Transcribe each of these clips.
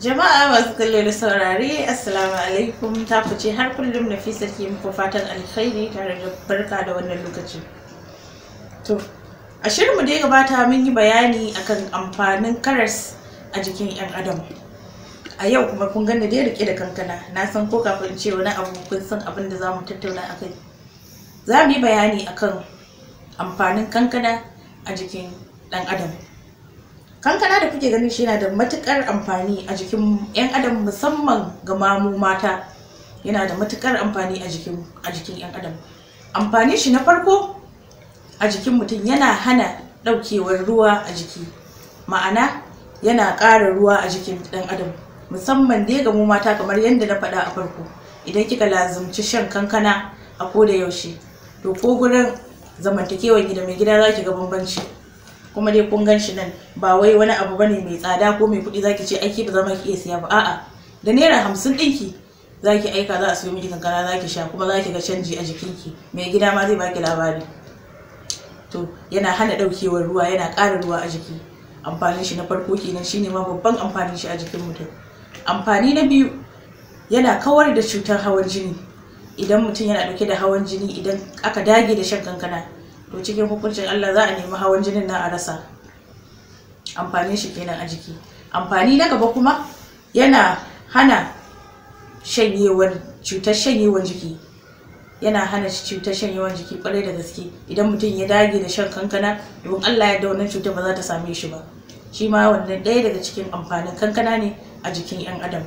Jama'a masu kallo da saurare, Assalamu alaikum ta fice har kullum na fi sarki muku fatan alkhairi tare da barka da wannan lokaci. To, a shirinmu da ya gabata mun yi bayani akan amfanin karas a jikin 'yan adam. A yau kuma kun da dai rike da kankana, na san ko kafin ce wani abu kun san abin da za mu tattauna a kai. Za mu yi bayani akan amfanin kankana a jikin ɗan adam. kankana da kuke ganin shi yana da matukar amfani a jikin 'yan adam musamman ga mamu mata yana da matukar amfani a jikin a jikin 'yan adam amfani shi na farko a jikin mutum yana hana daukewar ruwa a jiki ma'ana yana ƙara ruwa a jikin ɗan adam musamman dai ga mu mata kamar yadda na faɗa a farko idan kika lazumci shan kankana a koda yaushe to ko gurin zamantakewar gida mai gida za ki ga bambanci kuma dai kun gan shi nan ba wai wani abu bane mai tsada ko mai kuɗi zaki ce aiki ba za ki iya siya ba a'a da naira hamsin ɗinki zaki aika za a siyo miki kankana zaki sha kuma zaki ga canji a jikinki mai gida ma zai baki labari to yana hana ɗaukewar ruwa yana ƙara ruwa a jiki amfanin shi na farko kenan shine ma babban amfanin shi a jikin mutum amfani na biyu yana kawar da cutar hawan jini idan mutum yana ɗauke da hawan jini idan aka dage da shan kankana to cikin hukuncin Allah za a nemi hawan jinin na a rasa amfanin shi kenan a jiki amfani na gaba kuma yana hana shanyewar cutar shanyewar jiki yana hana cutar shanyewar jiki kwarai da gaske idan mutum ya dage da shan kankana domin Allah ya da wannan cutar ba za ta same shi ba shi ma wannan ɗaya daga cikin amfanin kankana ne a jikin 'yan adam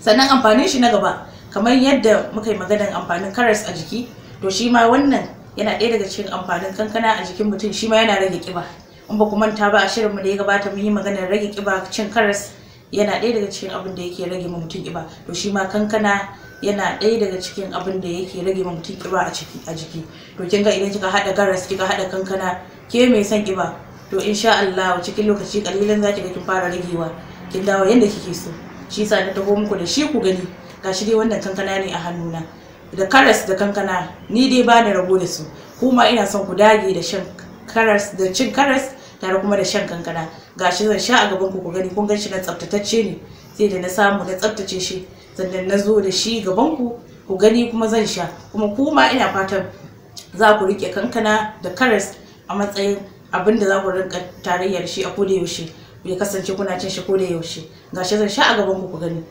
sannan amfanin shi na gaba kamar yadda muka yi maganar amfanin karas a jiki to shi ma wannan yana ɗaya daga cikin amfanin kankana a jikin mutum shi ma yana rage ƙiba in ba ku manta ba a shirinmu da ya gabata mun yi maganar rage ƙiba cin karas yana ɗaya daga cikin abin da yake rage ma mutum ƙiba to shi ma kankana yana ɗaya daga cikin abin da yake rage ma mutum ƙiba a ciki a jiki to kin ga idan kika haɗa garas kika haɗa kankana ke mai son ƙiba to insha Allah cikin lokaci kalilan zaki ga kin fara ragewa kin dawo yanda kike so shi yasa na taho muku da shi ku gani gashi dai wannan kankana ne a hannuna da karas da kankana ni dai ba da rabo da su kuma ina son ku dage da shan karas da cin karas tare kuma da shan kankana gashi zan sha a gaban ku ku gani kun gan na tsaftatacce ne sai da na samu na tsaftace shi sannan na zo da shi gaban ku ku gani kuma zan sha kuma kuma ina fatan za ku rike kankana da karas a matsayin abin da za ku rinka tarayyar shi a kodayaushe Bai ya kasance kuna cin shi kodayaushe Ga gashi zan sha a gaban ku ku gani